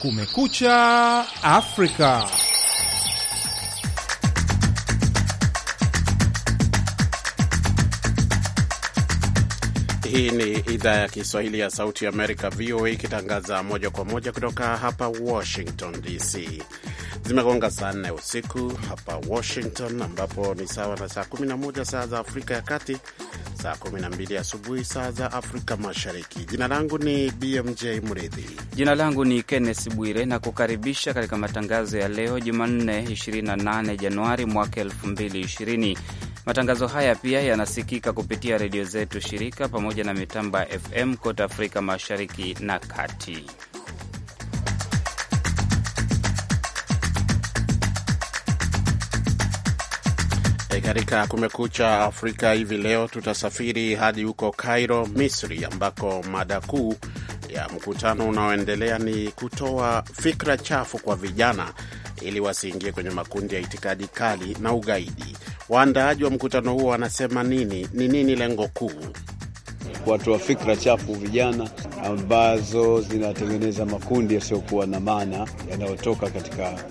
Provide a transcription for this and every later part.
Kumekucha Afrika. Hii ni idhaa ya Kiswahili ya Sauti ya Amerika, VOA, ikitangaza moja kwa moja kutoka hapa Washington DC. Zimegonga saa nne usiku hapa Washington, ambapo ni sawa na saa 11 saa za Afrika ya Kati, saa 12 asubuhi saa za Afrika Mashariki. Jina langu ni BMJ Mridhi. Jina langu ni Kenneth Bwire na kukaribisha katika matangazo ya leo Jumanne 28 Januari mwaka 2020. Matangazo haya pia yanasikika kupitia redio zetu shirika pamoja na mitamba FM kote Afrika Mashariki na Kati. E, katika Kumekucha Afrika hivi leo tutasafiri hadi huko Cairo, Misri, ambako mada kuu ya mkutano unaoendelea ni kutoa fikra chafu kwa vijana ili wasiingie kwenye makundi ya itikadi kali na ugaidi. Waandaaji wa mkutano huo wanasema nini? Ni nini lengo kuu? wa fikra chafu vijana ambazo zinatengeneza makundi yasiyokuwa na maana yanayotoka katika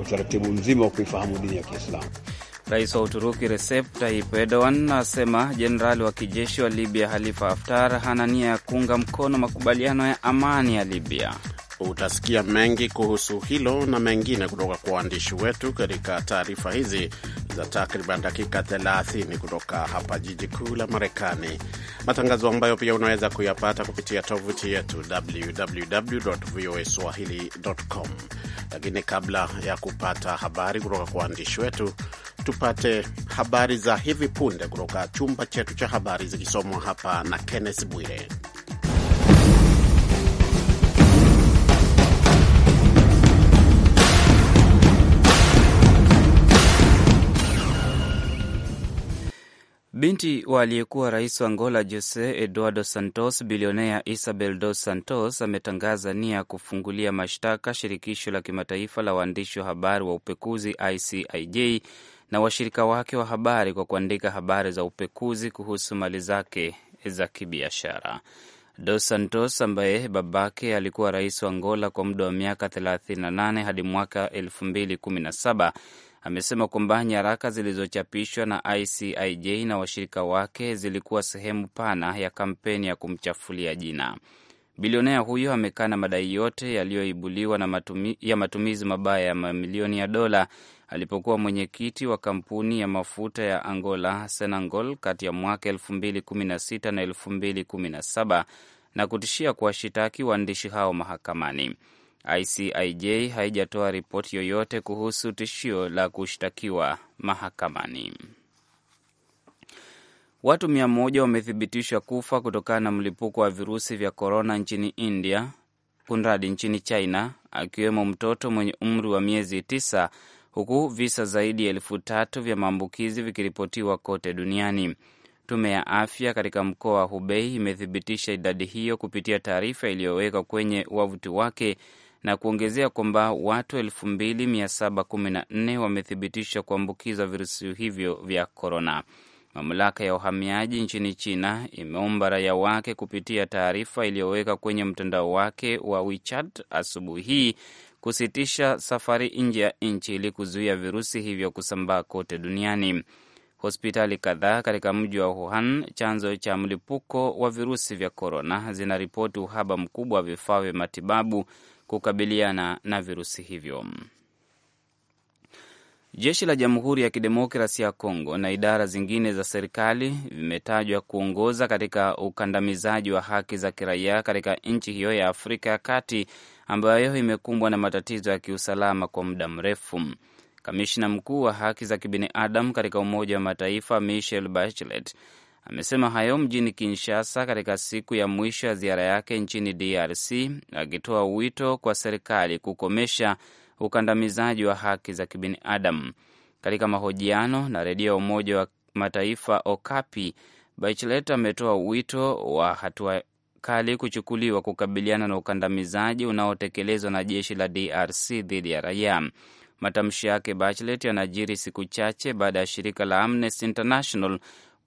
utaratibu mzima wa kuifahamu dini ya Kiislamu. Rais wa Uturuki Recep Tayyip Erdogan asema jenerali wa kijeshi wa Libya Halifa Haftar hana nia ya kuunga mkono makubaliano ya amani ya Libya. Utasikia mengi kuhusu hilo na mengine kutoka kwa waandishi wetu katika taarifa hizi za takriban dakika 30 kutoka hapa jiji kuu la Marekani, matangazo ambayo pia unaweza kuyapata kupitia tovuti yetu www voa swahili.com. Lakini kabla ya kupata habari kutoka kwa waandishi wetu, tupate habari za hivi punde kutoka chumba chetu cha habari zikisomwa hapa na Kenneth Bwire. Binti wa aliyekuwa rais wa Angola Jose Eduardo Santos, bilionea Isabel Dos Santos ametangaza nia ya kufungulia mashtaka shirikisho la kimataifa la waandishi wa habari wa upekuzi ICIJ na washirika wake wa habari kwa kuandika habari za upekuzi kuhusu mali zake za kibiashara. Dos Santos ambaye babake alikuwa rais wa Angola kwa muda wa miaka 38 hadi mwaka 2017 amesema kwamba nyaraka zilizochapishwa na ICIJ na washirika wake zilikuwa sehemu pana ya kampeni ya kumchafulia jina bilionea huyo. Amekaa na madai yote yaliyoibuliwa na matumi, ya matumizi mabaya ya mamilioni ya dola alipokuwa mwenyekiti wa kampuni ya mafuta ya Angola Senangol kati ya mwaka 2016 na 2017 na kutishia kuwashitaki waandishi hao mahakamani. ICIJ haijatoa ripoti yoyote kuhusu tishio la kushtakiwa mahakamani. Watu mia moja wamethibitishwa kufa kutokana na mlipuko wa virusi vya korona nchini India, kunradi nchini China, akiwemo mtoto mwenye umri wa miezi tisa, huku visa zaidi ya elfu tatu vya maambukizi vikiripotiwa kote duniani. Tume ya afya katika mkoa wa Hubei imethibitisha idadi hiyo kupitia taarifa iliyowekwa kwenye wavuti wake na kuongezea kwamba watu 2714 wamethibitisha kuambukiza virusi hivyo vya korona. Mamlaka ya uhamiaji nchini China imeomba raia wake kupitia taarifa iliyoweka kwenye mtandao wake wa WeChat asubuhi hii kusitisha safari nje ya nchi ili kuzuia virusi hivyo kusambaa kote duniani. Hospitali kadhaa katika mji wa Wuhan, chanzo cha mlipuko wa virusi vya korona, zinaripoti uhaba mkubwa wa vifaa vya matibabu kukabiliana na virusi hivyo. Jeshi la Jamhuri ya Kidemokrasi ya Kongo na idara zingine za serikali vimetajwa kuongoza katika ukandamizaji wa haki za kiraia katika nchi hiyo ya Afrika ya Kati ambayo imekumbwa na matatizo ya kiusalama kwa muda mrefu. Kamishna mkuu wa haki za kibinadamu katika Umoja wa Mataifa Michelle Bachelet Amesema hayo mjini Kinshasa katika siku ya mwisho ya ziara yake nchini DRC, akitoa wito kwa serikali kukomesha ukandamizaji wa haki za kibinadamu. Katika mahojiano na redio ya Umoja wa Mataifa Okapi, Bachelet ametoa wito wa hatua kali kuchukuliwa kukabiliana na ukandamizaji unaotekelezwa na jeshi la DRC dhidi ya raia. Matamshi yake Bachelet yanajiri siku chache baada ya shirika la Amnesty International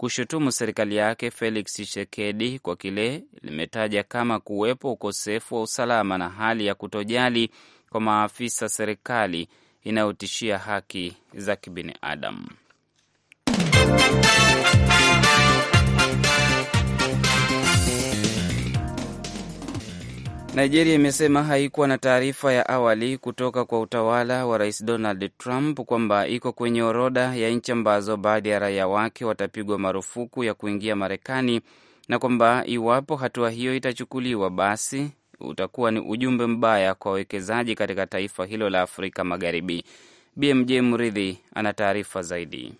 kushutumu serikali yake Felix Tshisekedi kwa kile limetaja kama kuwepo ukosefu wa usalama na hali ya kutojali kwa maafisa serikali inayotishia haki za kibinadamu. Nigeria imesema haikuwa na taarifa ya awali kutoka kwa utawala wa Rais Donald Trump kwamba iko kwenye orodha ya nchi ambazo baadhi ya raia wake watapigwa marufuku ya kuingia Marekani na kwamba iwapo hatua hiyo itachukuliwa basi utakuwa ni ujumbe mbaya kwa wawekezaji katika taifa hilo la Afrika Magharibi. BMJ Mridhi ana taarifa zaidi.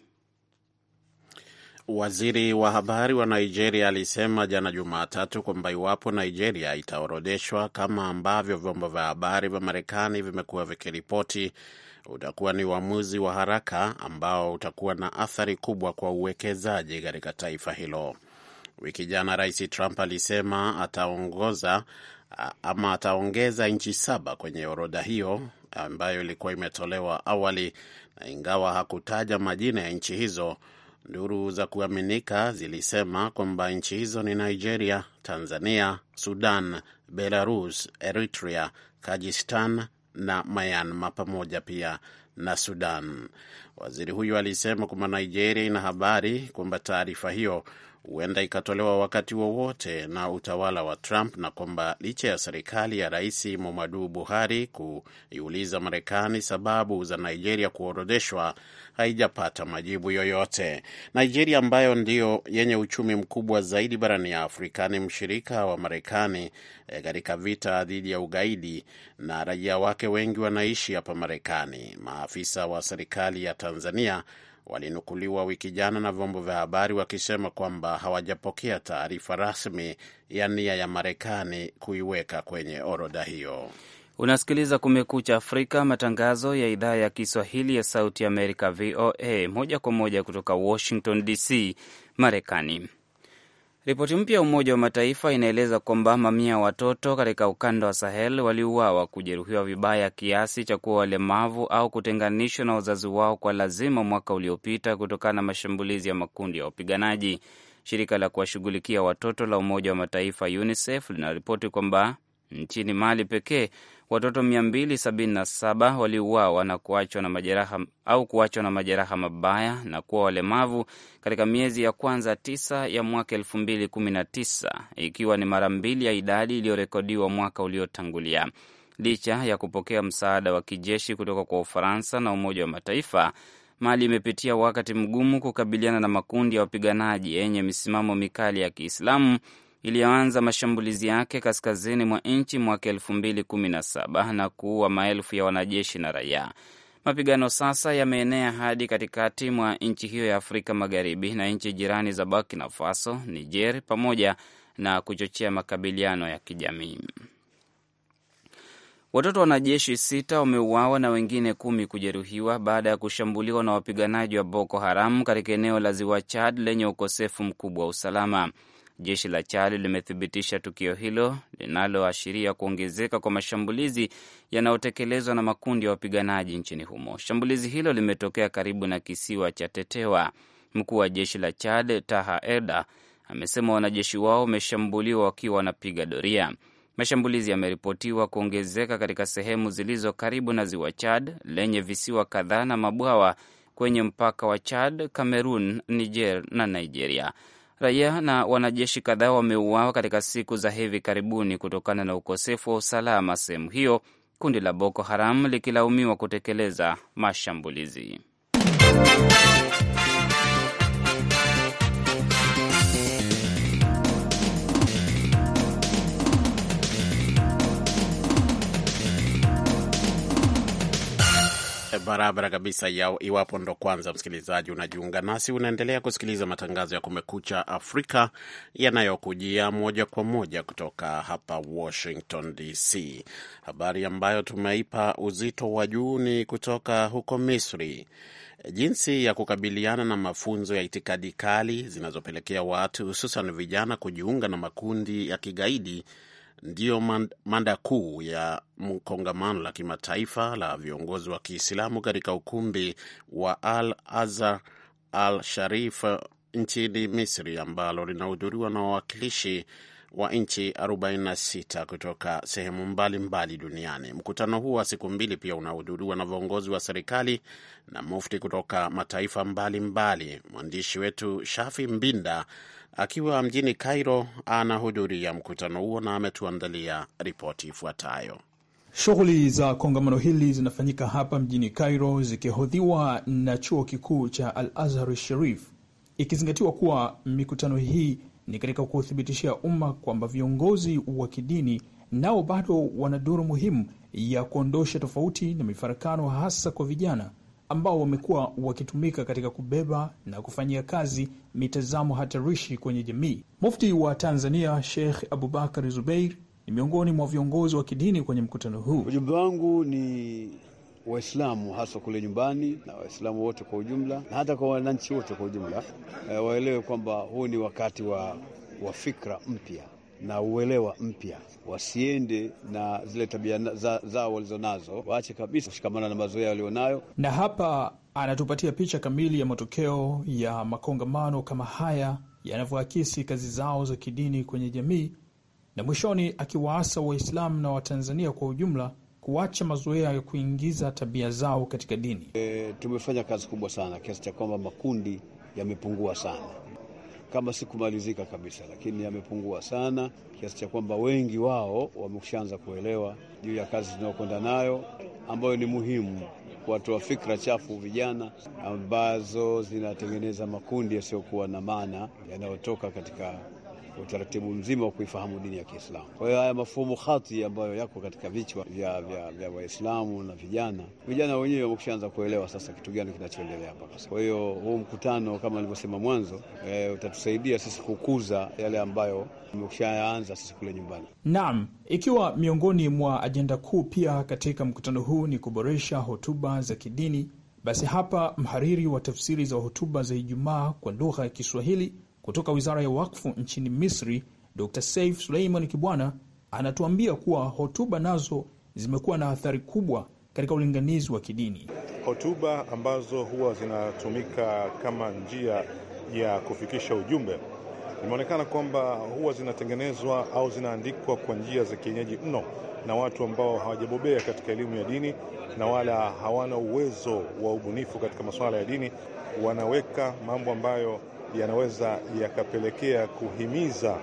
Waziri wa habari wa Nigeria alisema jana Jumatatu kwamba iwapo Nigeria itaorodheshwa kama ambavyo vyombo vya habari vya Marekani vimekuwa vikiripoti, utakuwa ni uamuzi wa haraka ambao utakuwa na athari kubwa kwa uwekezaji katika taifa hilo. Wiki jana Rais Trump alisema ataongoza ama ataongeza nchi saba kwenye orodha hiyo ambayo ilikuwa imetolewa awali, na ingawa hakutaja majina ya nchi hizo Duru za kuaminika zilisema kwamba nchi hizo ni Nigeria, Tanzania, Sudan, Belarus, Eritrea, Kajistan na Myanmar pamoja pia na Sudan. Waziri huyo alisema kwamba Nigeria ina habari kwamba taarifa hiyo huenda ikatolewa wakati wowote wa na utawala wa Trump, na kwamba licha ya serikali ya Rais Muhammadu Buhari kuiuliza Marekani sababu za Nigeria kuorodheshwa haijapata majibu yoyote. Nigeria ambayo ndiyo yenye uchumi mkubwa zaidi barani ya Afrika ni mshirika wa Marekani eh, katika e, vita dhidi ya ugaidi na raia wake wengi wanaishi hapa Marekani. Maafisa wa serikali ya Tanzania walinukuliwa wiki jana na vyombo vya habari wakisema kwamba hawajapokea taarifa rasmi ya nia ya Marekani kuiweka kwenye orodha hiyo. Unasikiliza Kumekucha Afrika, matangazo ya idhaa ya Kiswahili ya Sauti Amerika, VOA, moja kwa moja kutoka Washington DC, Marekani. Ripoti mpya ya Umoja wa Mataifa inaeleza kwamba mamia ya watoto katika ukanda wa Sahel waliuawa, kujeruhiwa vibaya kiasi cha kuwa walemavu au kutenganishwa na wazazi wao kwa lazima mwaka uliopita kutokana na mashambulizi ya makundi ya wapiganaji. Shirika la kuwashughulikia watoto la Umoja wa Mataifa UNICEF linaripoti kwamba Nchini Mali pekee watoto 277 waliuawa na kuachwa na majeraha au kuachwa na majeraha mabaya na kuwa walemavu katika miezi ya kwanza tisa ya mwaka 2019 ikiwa ni mara mbili ya idadi iliyorekodiwa mwaka uliotangulia. Licha ya kupokea msaada wa kijeshi kutoka kwa Ufaransa na Umoja wa Mataifa, Mali imepitia wakati mgumu kukabiliana na makundi ya wapiganaji yenye misimamo mikali ya Kiislamu iliyoanza mashambulizi yake kaskazini mwa nchi mwaka elfu mbili kumi na saba na kuua maelfu ya wanajeshi na raia. Mapigano sasa yameenea hadi katikati mwa nchi hiyo ya Afrika Magharibi na nchi jirani za Burkina Faso, Niger, pamoja na kuchochea makabiliano ya kijamii. Watoto wanajeshi sita wameuawa na wengine kumi kujeruhiwa baada ya kushambuliwa na wapiganaji wa Boko Haram katika eneo la ziwa Chad lenye ukosefu mkubwa wa usalama. Jeshi la Chad limethibitisha tukio hilo linaloashiria kuongezeka kwa mashambulizi yanayotekelezwa na makundi ya wapiganaji nchini humo. Shambulizi hilo limetokea karibu na kisiwa cha Tetewa. Mkuu wa jeshi la Chad Taha Erda amesema wanajeshi wao wameshambuliwa wakiwa wanapiga doria. Mashambulizi yameripotiwa kuongezeka katika sehemu zilizo karibu na ziwa Chad lenye visiwa kadhaa na mabwawa kwenye mpaka wa Chad, Cameroon, Niger na Nigeria. Raia na wanajeshi kadhaa wameuawa katika siku za hivi karibuni kutokana na ukosefu wa usalama sehemu hiyo, kundi la Boko Haram likilaumiwa kutekeleza mashambulizi barabara kabisa ya iwapo ndo kwanza msikilizaji unajiunga nasi, unaendelea kusikiliza matangazo ya Kumekucha Afrika yanayokujia moja kwa moja kutoka hapa Washington DC. Habari ambayo tumeipa uzito wa juu ni kutoka huko Misri, jinsi ya kukabiliana na mafunzo ya itikadi kali zinazopelekea watu hususan vijana kujiunga na makundi ya kigaidi ndiyo mada kuu ya kongamano la kimataifa la viongozi wa Kiislamu katika ukumbi wa Al Azhar Al Sharif nchini Misri, ambalo linahudhuriwa na wawakilishi wa nchi 46 kutoka sehemu mbalimbali mbali duniani. Mkutano huu wa siku mbili pia unahudhuriwa na viongozi wa serikali na mufti kutoka mataifa mbalimbali Mwandishi wetu Shafi Mbinda akiwa mjini Cairo anahudhuria mkutano huo na ametuandalia ripoti ifuatayo. Shughuli za kongamano hili zinafanyika hapa mjini Cairo zikihodhiwa na chuo kikuu cha Al Azhar Sharif, ikizingatiwa kuwa mikutano hii ni katika kuthibitishia umma kwamba viongozi wa kidini nao bado wana duru muhimu ya kuondosha tofauti na mifarakano, hasa kwa vijana ambao wamekuwa wakitumika katika kubeba na kufanyia kazi mitazamo hatarishi kwenye jamii. Mufti wa Tanzania Sheikh Abubakar Zubeir ni miongoni mwa viongozi wa kidini kwenye mkutano huu. Ujumbe wangu ni Waislamu haswa kule nyumbani na Waislamu wote kwa ujumla na hata kwa wananchi wote kwa ujumla, e, waelewe kwamba huu ni wakati wa, wa fikra mpya na uelewa mpya, wasiende na zile tabia zao za walizonazo, waache kabisa kushikamana na mazoea walionayo. Na hapa anatupatia picha kamili ya matokeo ya makongamano kama haya yanavyoakisi kazi zao za kidini kwenye jamii, na mwishoni akiwaasa Waislamu na Watanzania kwa ujumla kuacha mazoea ya kuingiza tabia zao katika dini. E, tumefanya kazi kubwa sana kiasi cha kwamba makundi yamepungua sana kama sikumalizika kabisa, lakini yamepungua sana kiasi cha kwamba wengi wao wameshaanza kuelewa juu ya kazi tunayokwenda nayo ambayo ni muhimu kuwatoa fikra chafu vijana ambazo zinatengeneza makundi yasiyokuwa na maana yanayotoka katika utaratibu mzima wa kuifahamu dini ya Kiislamu. Kwa hiyo haya mafumo khati ambayo yako katika vichwa vya, vya, vya Waislamu na vijana vijana wenyewe wamekushaanza kuelewa sasa kitu gani kinachoendelea mpaka sasa. Kwa hiyo huu mkutano kama nilivyosema mwanzo e, utatusaidia sisi kukuza yale ambayo tumekushaanza sisi kule nyumbani. Naam, ikiwa miongoni mwa ajenda kuu pia katika mkutano huu ni kuboresha hotuba za kidini, basi hapa mhariri wa tafsiri za hotuba za Ijumaa kwa lugha ya Kiswahili kutoka Wizara ya Wakfu nchini Misri, Dr. Saif Suleiman Kibwana anatuambia kuwa hotuba nazo zimekuwa na athari kubwa katika ulinganizi wa kidini. Hotuba ambazo huwa zinatumika kama njia ya kufikisha ujumbe, imeonekana kwamba huwa zinatengenezwa au zinaandikwa kwa njia za kienyeji mno na watu ambao hawajabobea katika elimu ya dini na wala hawana uwezo wa ubunifu katika masuala ya dini. Wanaweka mambo ambayo yanaweza yakapelekea kuhimiza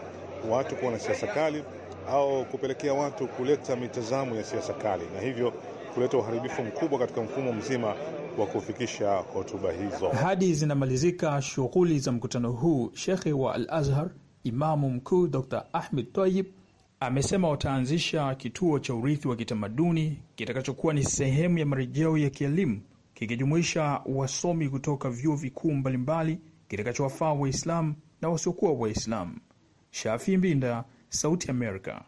watu kuwa na siasa kali au kupelekea watu kuleta mitazamo ya siasa kali na hivyo kuleta uharibifu mkubwa katika mfumo mzima wa kufikisha hotuba hizo. Hadi zinamalizika shughuli za mkutano huu, shekhe wa Al Azhar Imamu Mkuu Dr Ahmed Tayib amesema wataanzisha kituo cha urithi wa kitamaduni kitakachokuwa ni sehemu ya marejeo ya kielimu kikijumuisha wasomi kutoka vyuo vikuu mbalimbali kitakachowafaa Waislam na wasiokuwa Waislamu. Shafi Mbinda, Sauti Amerika.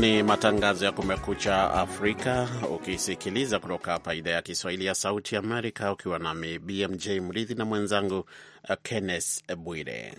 Ni matangazo ya Kumekucha Afrika ukisikiliza kutoka hapa idhaa ya Kiswahili ya Sauti Amerika, ukiwa nami BMJ Mridhi na mwenzangu uh, Kenneth Bwire.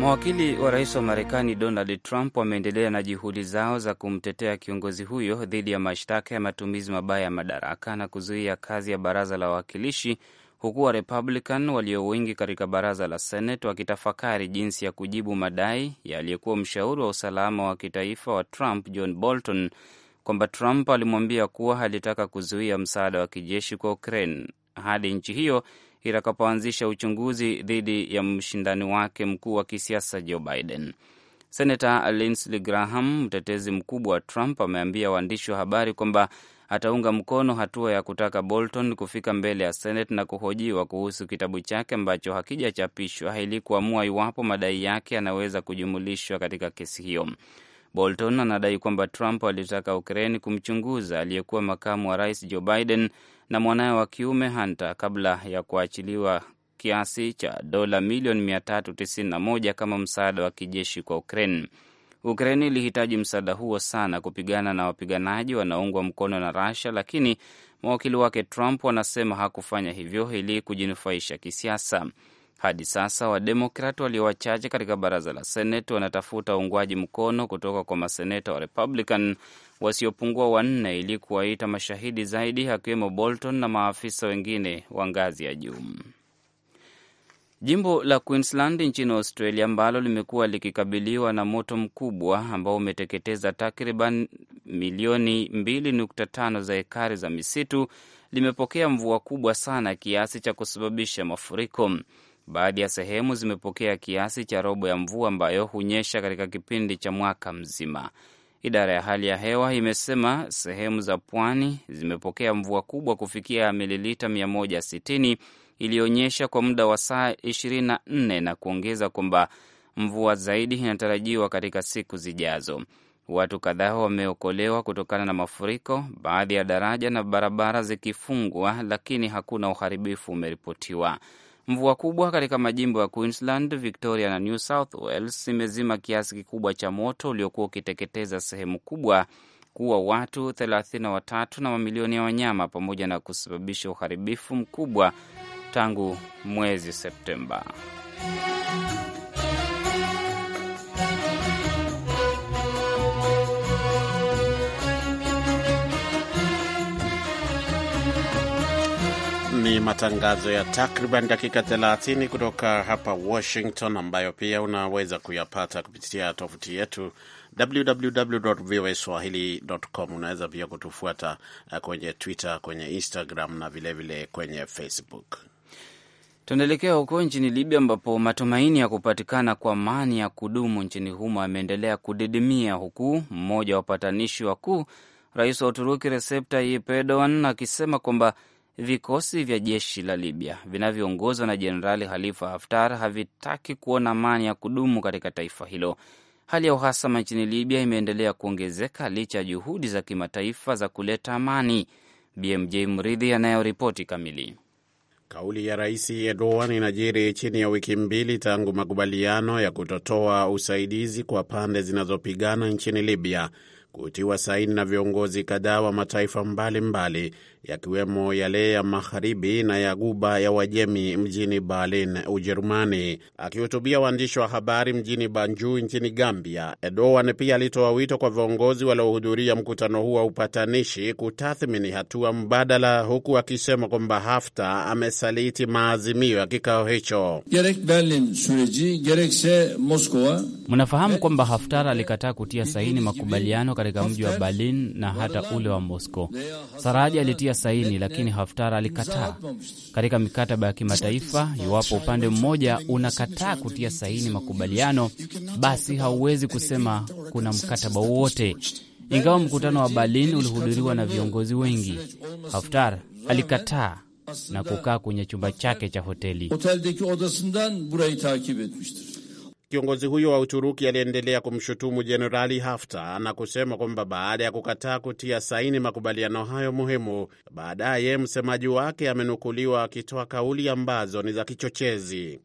Mawakili wa rais wa Marekani Donald Trump wameendelea na juhudi zao za kumtetea kiongozi huyo dhidi ya mashtaka ya matumizi mabaya ya madaraka na kuzuia kazi ya baraza la wawakilishi, huku wa Republican walio wengi katika baraza la Senate wakitafakari jinsi ya kujibu madai ya aliyekuwa mshauri wa usalama wa kitaifa wa Trump John Bolton kwamba Trump alimwambia kuwa alitaka kuzuia msaada wa kijeshi kwa Ukraine hadi nchi hiyo itakapoanzisha uchunguzi dhidi ya mshindani wake mkuu wa kisiasa Joe Biden. Senata Lindsey Graham, mtetezi mkubwa wa Trump, ameambia waandishi wa habari kwamba ataunga mkono hatua ya kutaka Bolton kufika mbele ya Senate na kuhojiwa kuhusu kitabu chake ambacho hakijachapishwa ili kuamua iwapo madai yake yanaweza kujumulishwa katika kesi hiyo. Bolton anadai kwamba Trump alitaka Ukraine kumchunguza aliyekuwa makamu wa rais Joe Biden na mwanaye wa kiume Hunter kabla ya kuachiliwa kiasi cha dola milioni 391 kama msaada wa kijeshi kwa Ukraine. Ukraine ilihitaji msaada huo sana kupigana na wapiganaji wanaoungwa mkono na Russia, lakini mawakili wake Trump wanasema hakufanya hivyo ili kujinufaisha kisiasa. Hadi sasa Wademokrat walio wachache katika baraza la Senate wanatafuta uungwaji mkono kutoka kwa maseneta wa Republican wasiopungua wanne ili kuwaita mashahidi zaidi, akiwemo Bolton na maafisa wengine wa ngazi ya juu. Jimbo la Queensland nchini Australia ambalo limekuwa likikabiliwa na moto mkubwa ambao umeteketeza takriban milioni 2.5 za hekari za misitu limepokea mvua kubwa sana kiasi cha kusababisha mafuriko. Baadhi ya sehemu zimepokea kiasi cha robo ya mvua ambayo hunyesha katika kipindi cha mwaka mzima. Idara ya hali ya hewa imesema sehemu za pwani zimepokea mvua kubwa kufikia mililita 160 iliyoonyesha kwa muda wa saa 24 na kuongeza kwamba mvua zaidi inatarajiwa katika siku zijazo. Watu kadhaa wameokolewa kutokana na mafuriko, baadhi ya daraja na barabara zikifungwa, lakini hakuna uharibifu umeripotiwa. Mvua kubwa katika majimbo ya Queensland, Victoria na New South Wales imezima kiasi kikubwa cha moto uliokuwa ukiteketeza sehemu kubwa, kuwa watu 33 na mamilioni ya wanyama, pamoja na kusababisha uharibifu mkubwa tangu mwezi Septemba. ni matangazo ya takriban dakika 30 kutoka hapa Washington, ambayo pia unaweza kuyapata kupitia tovuti yetu www.voaswahili.com. Unaweza pia kutufuata eh, kwenye Twitter, kwenye Instagram na vilevile vile kwenye Facebook. Tunaelekea huko nchini Libya ambapo matumaini ya kupatikana kwa amani ya kudumu nchini humo yameendelea kudidimia, huku mmoja wa wapatanishi wakuu, rais wa Uturuki Recep Tayyip Erdogan, akisema kwamba Vikosi vya jeshi la Libya vinavyoongozwa na Jenerali halifa Haftar havitaki kuona amani ya kudumu katika taifa hilo. Hali ya uhasama nchini Libya imeendelea kuongezeka licha ya juhudi za kimataifa za kuleta amani. BMJ Mridhi anayoripoti kamili. Kauli ya Rais Erdogan inajiri chini ya wiki mbili tangu makubaliano ya kutotoa usaidizi kwa pande zinazopigana nchini Libya kutiwa saini na viongozi kadhaa wa mataifa mbalimbali mbali, yakiwemo yale ya magharibi na ya guba ya wajemi mjini Berlin, Ujerumani. Akihutubia waandishi wa habari mjini banju nchini Gambia, Erdogan pia alitoa wito kwa viongozi waliohudhuria mkutano huo wa upatanishi kutathmini hatua mbadala, huku akisema kwamba Haftar amesaliti maazimio ya kikao hicho. Mnafahamu kwamba Haftar alikataa kutia saini makubaliano katika mji wa Berlin na hata ule wa Moscow. Saraji alitia saini, lakini Haftar alikataa katika mikataba ya kimataifa. Iwapo upande mmoja unakataa kutia saini makubaliano, basi hauwezi kusema kuna mkataba wowote. Ingawa mkutano wa Berlin ulihudhuriwa na viongozi wengi, Haftar alikataa na kukaa kwenye chumba chake cha hoteli. Kiongozi huyo wa Uturuki aliendelea kumshutumu Jenerali Haftar na kusema kwamba baada ya kukataa kutia saini makubaliano hayo muhimu, baadaye msemaji wake amenukuliwa akitoa kauli ambazo ni za kichochezi.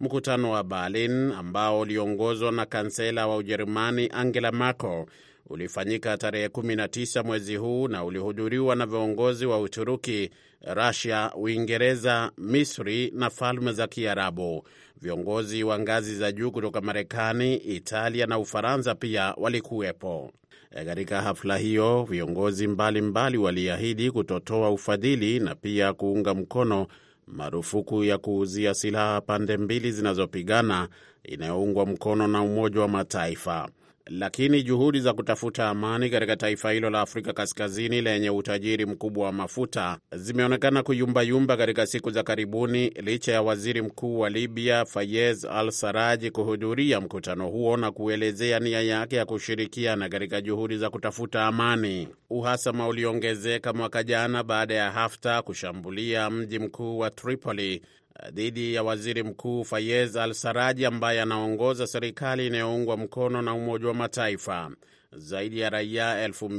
Mkutano wa Berlin ambao uliongozwa na kansela wa Ujerumani Angela Merkel ulifanyika tarehe 19 mwezi huu na ulihudhuriwa na viongozi wa Uturuki, Rusia, Uingereza, Misri na Falme za Kiarabu. Viongozi wa ngazi za juu kutoka Marekani, Italia na Ufaransa pia walikuwepo e, katika hafla hiyo. Viongozi mbalimbali waliahidi kutotoa ufadhili na pia kuunga mkono marufuku ya kuuzia silaha pande mbili zinazopigana inayoungwa mkono na Umoja wa Mataifa lakini juhudi za kutafuta amani katika taifa hilo la Afrika Kaskazini lenye utajiri mkubwa wa mafuta zimeonekana kuyumbayumba katika siku za karibuni, licha ya waziri mkuu wa Libya Fayez Al Saraj kuhudhuria mkutano huo na kuelezea nia yake ya kushirikiana katika juhudi za kutafuta amani. Uhasama uliongezeka mwaka jana baada ya Haftar kushambulia mji mkuu wa Tripoli dhidi ya waziri mkuu Fayez Al Saraji ambaye anaongoza serikali inayoungwa mkono na Umoja wa Mataifa. Zaidi ya raia elfu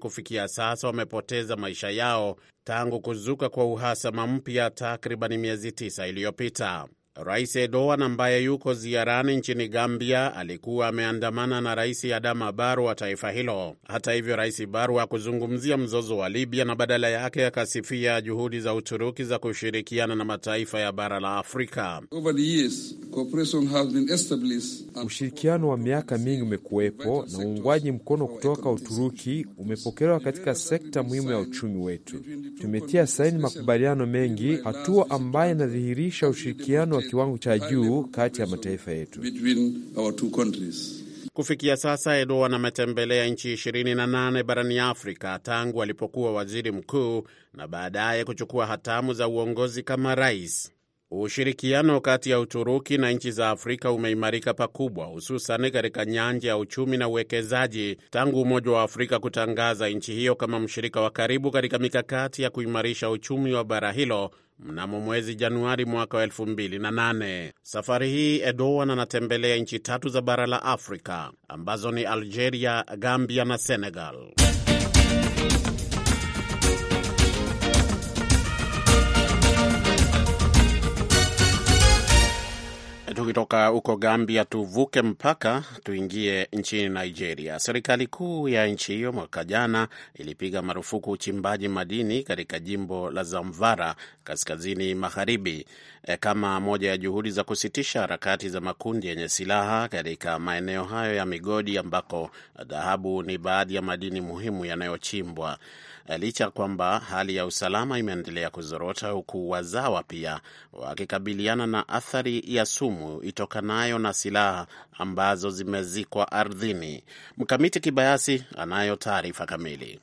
kufikia sasa wamepoteza maisha yao tangu kuzuka kwa uhasama mpya takriban miezi tisa iliyopita. Rais Erdogan ambaye yuko ziarani nchini Gambia alikuwa ameandamana na Rais Adama Barrow wa taifa hilo. Hata hivyo, Rais Barrow hakuzungumzia mzozo wa Libya na badala yake akasifia juhudi za Uturuki za kushirikiana na mataifa ya bara la Afrika. ushirikiano wa miaka mingi umekuwepo na uungwaji mkono kutoka Uturuki umepokelewa katika sekta muhimu ya uchumi wetu. Tumetia saini makubaliano mengi, hatua ambayo inadhihirisha ushirikiano kiwango cha juu kati ya mataifa yetu. Kufikia sasa Erdogan ametembelea nchi 28 barani Afrika tangu alipokuwa waziri mkuu na baadaye kuchukua hatamu za uongozi kama rais. Ushirikiano kati ya Uturuki na nchi za Afrika umeimarika pakubwa, hususan katika nyanja ya uchumi na uwekezaji tangu Umoja wa Afrika kutangaza nchi hiyo kama mshirika wa karibu katika mikakati ya kuimarisha uchumi wa bara hilo mnamo mwezi Januari mwaka wa nane. Safari hii Edoan anatembelea nchi tatu za bara la Afrika ambazo ni Algeria, Gambia na Senegal. Tukitoka huko Gambia tuvuke mpaka tuingie nchini Nigeria. Serikali kuu ya nchi hiyo mwaka jana ilipiga marufuku uchimbaji madini katika jimbo la Zamfara kaskazini magharibi, e, kama moja ya juhudi za kusitisha harakati za makundi yenye silaha katika maeneo hayo ya migodi ambako dhahabu ni baadhi ya madini muhimu yanayochimbwa. Eh, licha kwamba hali ya usalama imeendelea kuzorota, huku wazawa pia wakikabiliana na athari ya sumu itokanayo na silaha ambazo zimezikwa ardhini. Mkamiti Kibayasi anayo taarifa kamili.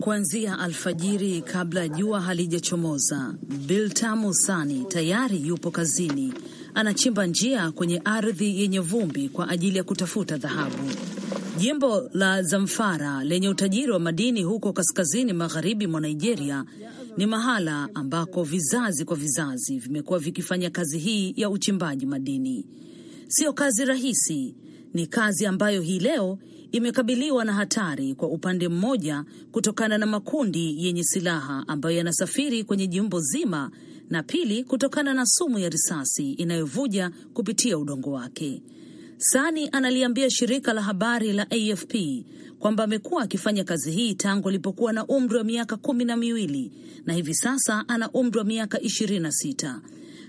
Kuanzia alfajiri kabla jua halijachomoza, Biltamu Sani tayari yupo kazini, anachimba njia kwenye ardhi yenye vumbi kwa ajili ya kutafuta dhahabu. Jimbo la Zamfara lenye utajiri wa madini huko kaskazini magharibi mwa Nigeria ni mahala ambako vizazi kwa vizazi vimekuwa vikifanya kazi hii ya uchimbaji madini. Sio kazi rahisi, ni kazi ambayo hii leo imekabiliwa na hatari kwa upande mmoja, kutokana na makundi yenye silaha ambayo yanasafiri kwenye jimbo zima, na pili, kutokana na sumu ya risasi inayovuja kupitia udongo wake. Sani analiambia shirika la habari la AFP kwamba amekuwa akifanya kazi hii tangu alipokuwa na umri wa miaka kumi na miwili na hivi sasa ana umri wa miaka ishirini na sita.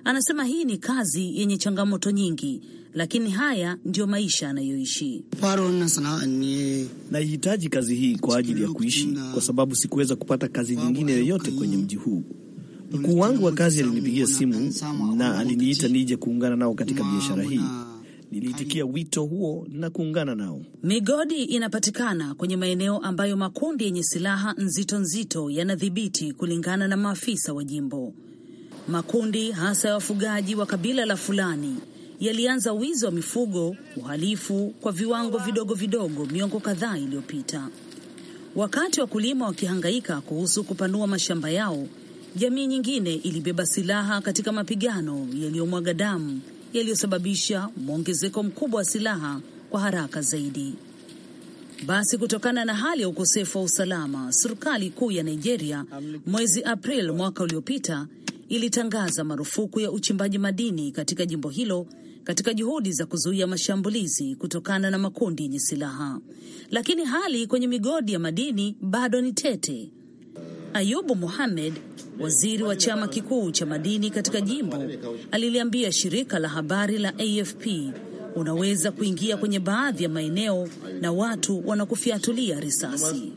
Anasema hii ni kazi yenye changamoto nyingi, lakini haya ndiyo maisha anayoishi. Nahitaji kazi hii kwa ajili ya kuishi, kwa sababu sikuweza kupata kazi nyingine yoyote kwenye mji huu. Mkuu wangu wa kazi alinipigia simu na aliniita nije kuungana nao katika biashara hii niliitikia wito huo na kuungana nao. Migodi inapatikana kwenye maeneo ambayo makundi yenye silaha nzito nzito yanadhibiti, kulingana na maafisa wa jimbo. Makundi hasa ya wafugaji wa kabila la Fulani yalianza wizi wa mifugo, uhalifu kwa viwango vidogo vidogo miongo kadhaa iliyopita. Wakati wakulima wakihangaika kuhusu kupanua mashamba yao, jamii nyingine ilibeba silaha katika mapigano yaliyomwaga damu yaliyosababisha mwongezeko mkubwa wa silaha kwa haraka zaidi. Basi kutokana na hali ya ukosefu wa usalama, serikali kuu ya Nigeria mwezi april mwaka uliopita ilitangaza marufuku ya uchimbaji madini katika jimbo hilo katika juhudi za kuzuia mashambulizi kutokana na makundi yenye silaha. Lakini hali kwenye migodi ya madini bado ni tete, Ayubu Mohamed, waziri wa chama kikuu cha madini katika jimbo, aliliambia shirika la habari la AFP, unaweza kuingia kwenye baadhi ya maeneo na watu wanakufyatulia risasi.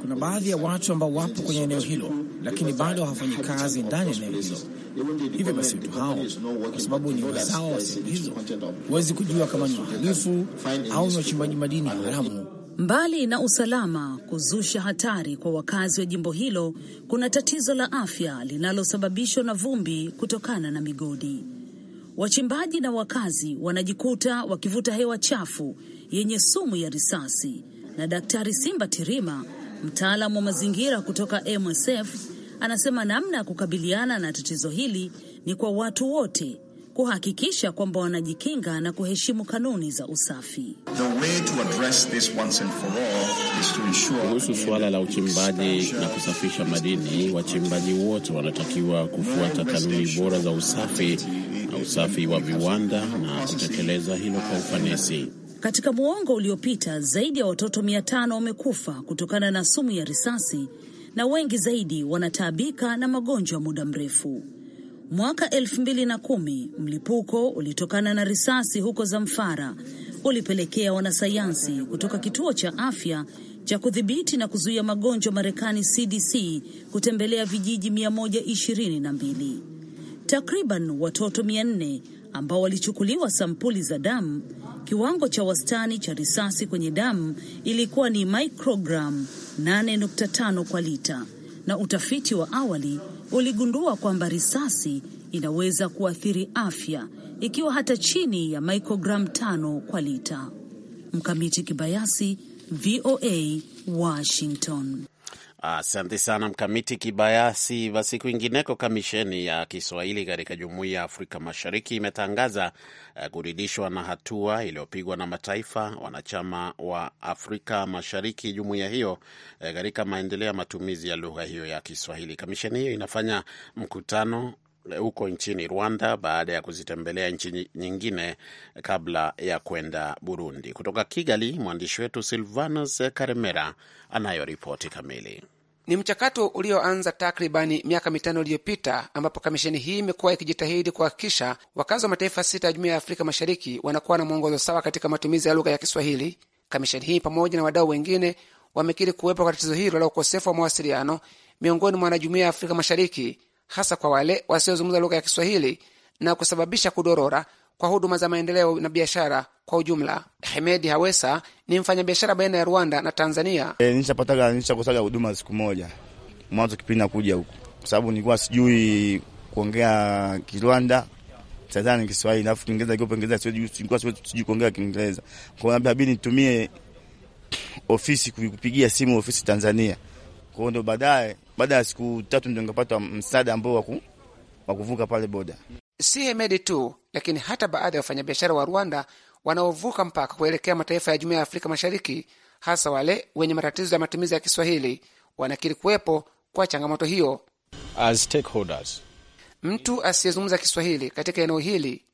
Kuna baadhi ya watu ambao wapo kwenye eneo hilo, lakini bado hawafanyi kazi ndani ya eneo hilo. Hivyo basi watu hao, kwa sababu ni wazao wa hizo, huwezi kujua kama ni wahalifu au ni wachimbaji madini haramu. Mbali na usalama kuzusha hatari kwa wakazi wa jimbo hilo, kuna tatizo la afya linalosababishwa na vumbi kutokana na migodi. Wachimbaji na wakazi wanajikuta wakivuta hewa chafu yenye sumu ya risasi, na Daktari Simba Tirima, mtaalamu wa mazingira kutoka MSF, anasema namna ya kukabiliana na tatizo hili ni kwa watu wote kuhakikisha kwamba wanajikinga na kuheshimu kanuni za usafi. Kuhusu suala la uchimbaji na kusafisha madini, wachimbaji wote wanatakiwa kufuata kanuni bora za usafi na usafi wa viwanda na kutekeleza hilo kwa ufanisi. Katika muongo uliopita zaidi ya watoto mia tano wamekufa kutokana na sumu ya risasi na wengi zaidi wanataabika na magonjwa ya muda mrefu. Mwaka elfu mbili na kumi mlipuko ulitokana na risasi huko Zamfara ulipelekea wanasayansi kutoka kituo cha afya cha kudhibiti na kuzuia magonjwa Marekani CDC kutembelea vijiji 122. Takriban watoto 400 ambao walichukuliwa sampuli za damu. Kiwango cha wastani cha risasi kwenye damu ilikuwa ni microgram 8.5 kwa lita, na utafiti wa awali uligundua kwamba risasi inaweza kuathiri afya ikiwa hata chini ya microgram tano kwa lita. Mkamiti Kibayasi, VOA, Washington. Asante sana Mkamiti Kibayasi. Basi kwingineko, kamisheni ya Kiswahili katika Jumuiya ya Afrika Mashariki imetangaza eh, kuridhishwa na hatua iliyopigwa na mataifa wanachama wa Afrika Mashariki, jumuiya hiyo, eh, katika maendeleo ya matumizi ya lugha hiyo ya Kiswahili. Kamisheni hiyo inafanya mkutano huko nchini Rwanda baada ya kuzitembelea nchi nyingine kabla ya kwenda Burundi. Kutoka Kigali, mwandishi wetu Silvanus Karemera anayo ripoti kamili. Ni mchakato ulioanza takribani miaka mitano iliyopita ambapo kamisheni hii imekuwa ikijitahidi kuhakikisha wakazi wa mataifa sita ya jumuiya ya Afrika Mashariki wanakuwa na mwongozo sawa katika matumizi ya lugha ya Kiswahili. Kamisheni hii pamoja na wadau wengine wamekiri kuwepo kwa tatizo hilo la ukosefu wa mawasiliano miongoni mwa wanajumuiya ya Afrika Mashariki hasa kwa wale wasiozungumza lugha ya Kiswahili na kusababisha kudorora kwa huduma za maendeleo na biashara kwa ujumla. Hemedi Hawesa ni mfanyabiashara baina ya Rwanda na Tanzania. E, nishapataga nishakosaga huduma siku moja mwanzo kipindi nakuja huku, kwa sababu nilikuwa sijui kuongea Kirwanda Tanzania Kiswahili, alafu Kiingereza kiopo Kiingereza sikuwa sijui kuongea Kiingereza kwao, naambia nitumie ofisi kupigia simu ofisi Tanzania kwao, ndo baadaye baada ya siku tatu ndio ningepata msaada ambao wa kuvuka pale boda. Si Hemedi tu, lakini hata baadhi ya wafanyabiashara wa Rwanda wanaovuka mpaka kuelekea mataifa ya Jumuiya ya Afrika Mashariki, hasa wale wenye matatizo ya matumizi ya Kiswahili, wanakiri kuwepo kwa changamoto hiyo. As stakeholders, mtu asiyezungumza Kiswahili katika eneo hili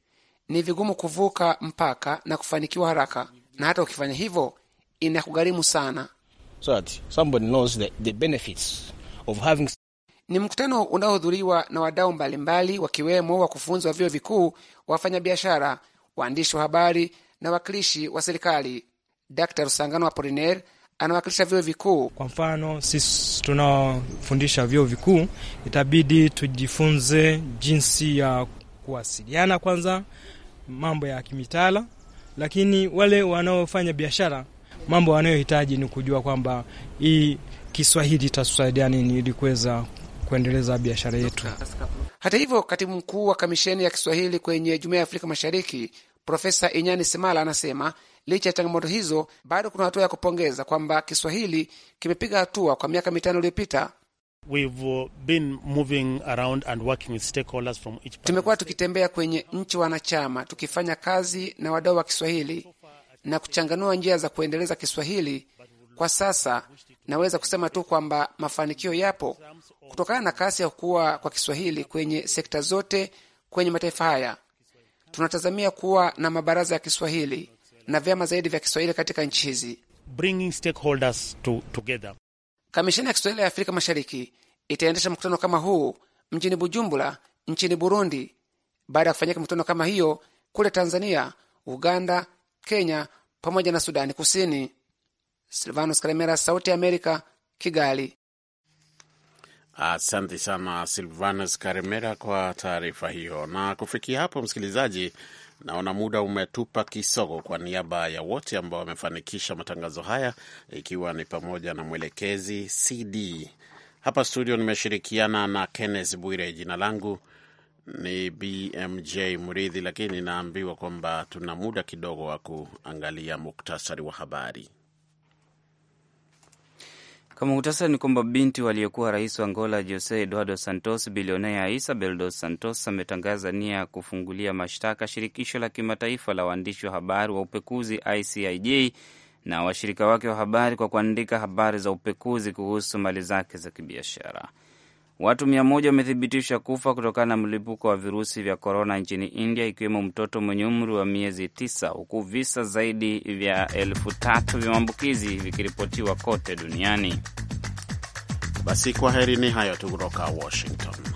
ni vigumu kuvuka mpaka na kufanikiwa haraka, na hata ukifanya hivyo inakugharimu sana. So that somebody knows the, the benefits of having... Ni mkutano unaohudhuriwa na wadau mbalimbali wakiwemo wakufunzi wa vyuo vikuu, wafanyabiashara, waandishi wa habari na wakilishi wa serikali. Dr Rusangano Apoliner anawakilisha vyuo vikuu. Kwa mfano, sisi tunaofundisha vyuo vikuu itabidi tujifunze jinsi ya kuwasiliana, kwanza mambo ya kimitaala, lakini wale wanaofanya biashara mambo wanayohitaji ni kujua kwamba hii Kiswahili itatusaidia nini ili kuweza kuendeleza biashara yetu. Hata hivyo, katibu mkuu wa kamisheni ya Kiswahili kwenye Jumuiya ya Afrika Mashariki Profesa Inyani Semala anasema licha ya changamoto hizo bado kuna hatua ya kupongeza kwamba Kiswahili kimepiga hatua kwa miaka mitano iliyopita. Uh, Tumekuwa tukitembea kwenye nchi wanachama tukifanya kazi na wadau wa Kiswahili na kuchanganua njia za kuendeleza Kiswahili. Kwa sasa naweza kusema tu kwamba mafanikio yapo kutokana na kasi ya kukua kwa Kiswahili kwenye sekta zote kwenye mataifa haya. Tunatazamia kuwa na mabaraza ya Kiswahili na vyama zaidi vya Kiswahili katika nchi hizi. Kamisheni ya Kiswahili ya Afrika Mashariki itaendesha mkutano kama huu mjini bujumbula nchini Burundi, baada ya kufanyika mikutano kama hiyo kule Tanzania, Uganda, Kenya pamoja na Sudani Kusini. Silvanus Kalemera, Sauti ya Amerika, Kigali. Asante sana Silvanus Karemera kwa taarifa hiyo. Na kufikia hapo, msikilizaji, naona muda umetupa kisogo. Kwa niaba ya wote ambao wamefanikisha matangazo haya, ikiwa ni pamoja na mwelekezi CD hapa studio, nimeshirikiana na Kenneth Bwire. Jina langu ni BMJ mridhi lakini naambiwa kwamba tuna muda kidogo wa kuangalia muktasari wa habari. Kwa muhtasari ni kwamba binti waliyekuwa rais wa Angola Jose Eduardo Santos, bilionea Isabel Dos Santos ametangaza nia ya kufungulia mashtaka shirikisho la kimataifa la waandishi wa habari wa upekuzi ICIJ na washirika wake wa habari kwa kuandika habari za upekuzi kuhusu mali zake za kibiashara. Watu mia moja wamethibitisha kufa kutokana na mlipuko wa virusi vya korona nchini India, ikiwemo mtoto mwenye umri wa miezi tisa, huku visa zaidi vya elfu tatu vya maambukizi vikiripotiwa kote duniani. Basi kwa heri, ni hayo tu kutoka Washington.